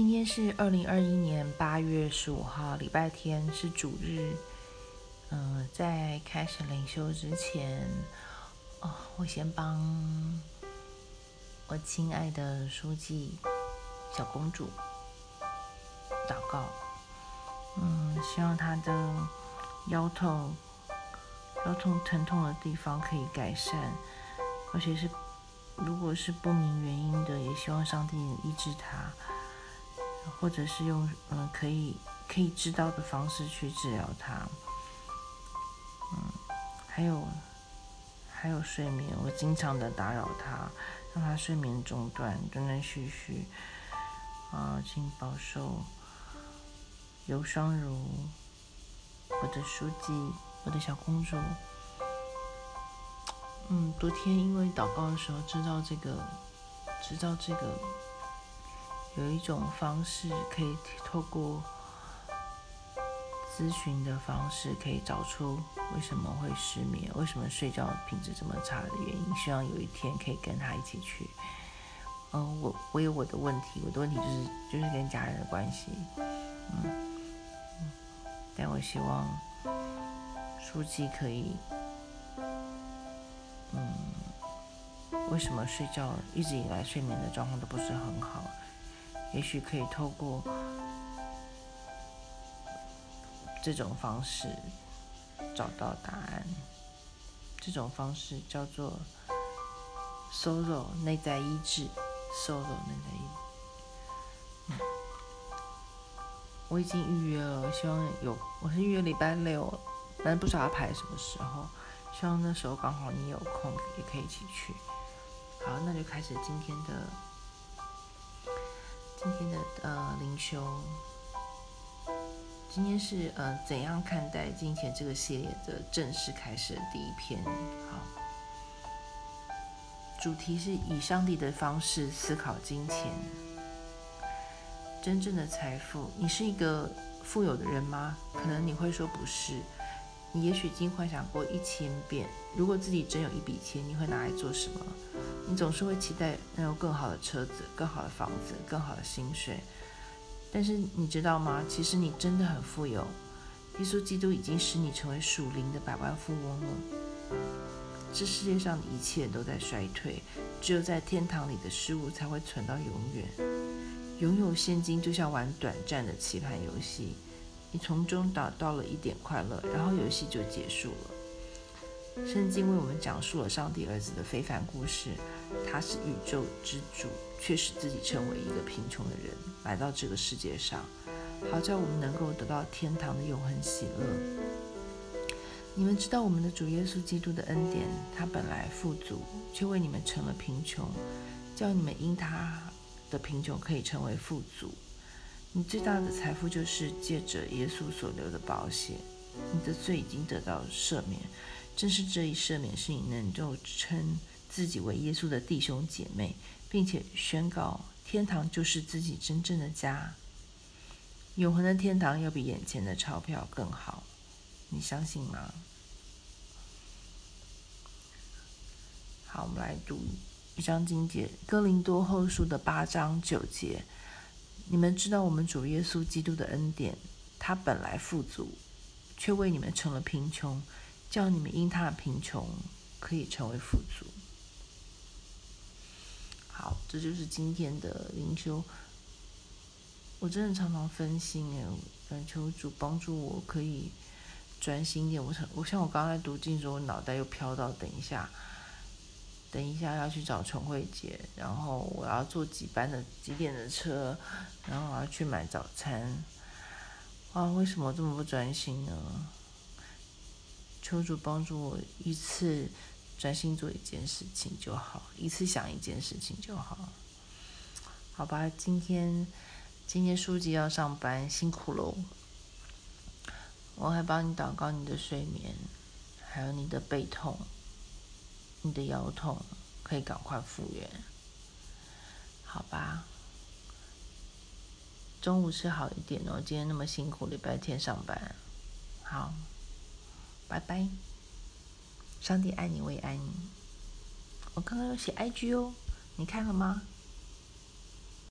今天是二零二一年八月十五號，禮拜天是主日。嗯、呃，在開始靈修之前，哦，我先幫我親愛的書記小公主禱告。嗯，希望她的腰痛、腰痛疼痛的地方可以改善，而且是如果是不明原因的，也希望上帝醫治她。或者是用嗯可以可以知道的方式去治療他，嗯，還有還有睡眠，我經常的打擾他，讓他睡眠中斷，斷斷續續，啊，請保守。尤雙如，我的書記，我的小公主，嗯，昨天因為禱告的時候知道這個，知道這個。有一種方式可以透過諮詢的方式，可以找出為什麼會失眠，為什麼睡覺品質這麼差的原因。希望有一天可以跟他一起去。嗯，我我有我的問題，我的問題就是就是跟家人的關係嗯。嗯，但我希望書記可以，嗯，為什麼睡覺一直以來睡眠的狀況都不是很好？也許可以透過這種方式找到答案。這種方式叫做 solo 內在醫治，solo 內在醫。我已經預約了，希望有，我是預約禮拜六，但不知道排什麼時候。希望那時候剛好你有空，也可以一起去。好，那就開始今天的。今天的呃，靈修，今天是呃，怎樣看待金錢這個系列的正式開始的第一篇，好，主題是以上帝的方式思考金錢，真正的財富，你是一個富有的人嗎？可能你會說不是。你也許已經幻想過一千遍，如果自己真有一筆錢，你會拿來做什麼？你總是會期待能有更好的車子、更好的房子、更好的薪水。但是你知道嗎？其實你真的很富有，耶穌基督已經使你成為屬靈的百萬富翁了。這世界上的一切都在衰退，只有在天堂裡的事物才會存到永遠。擁有現金就像玩短暫的棋盤遊戲。你從中找到了一點快樂，然後遊戲就結束了。聖經為我們講述了上帝兒子的非凡故事，他是宇宙之主，卻使自己成為一個貧窮的人來到這個世界上，好叫我們能夠得到天堂的永恆喜樂。你們知道我們的主耶穌基督的恩典，他本來富足，卻為你們成了貧窮，叫你們因他的貧窮可以成為富足。你最大的財富就是借着耶穌所流的寶血，你的罪已經得到赦免。正是這一赦免，使你能夠稱自己為耶穌的弟兄姐妹，並且宣告天堂就是自己真正的家。永恆的天堂要比眼前的鈔票更好，你相信嗎？好，我們來讀一章經節，《哥林多後書》的八章九節。你們知道，我們主耶穌基督的恩典，他本來富足，卻為你們成了貧窮，叫你們因他的貧窮可以成為富足。好，這就是今天的靈修。我真的常常分心耶，求主幫助我可以專心一點。我像我像我剛才讀經時我腦袋又飄到，等一下。等一下要去找陳慧姐，然後我要坐幾班的幾點的車，然後我要去買早餐。哇、啊，為什麼這麼不專心呢？求主幫助我一次專心做一件事情就好，一次想一件事情就好。好吧，今天今天書記要上班，辛苦嘍。我還幫你禱告你的睡眠，還有你的背痛。你的腰痛可以趕快復原，好吧？中午吃好一點哦，今天那麼辛苦，禮拜天上班，好，拜拜。上帝愛你，我也愛你。我剛剛有寫 IG 哦，你看了嗎？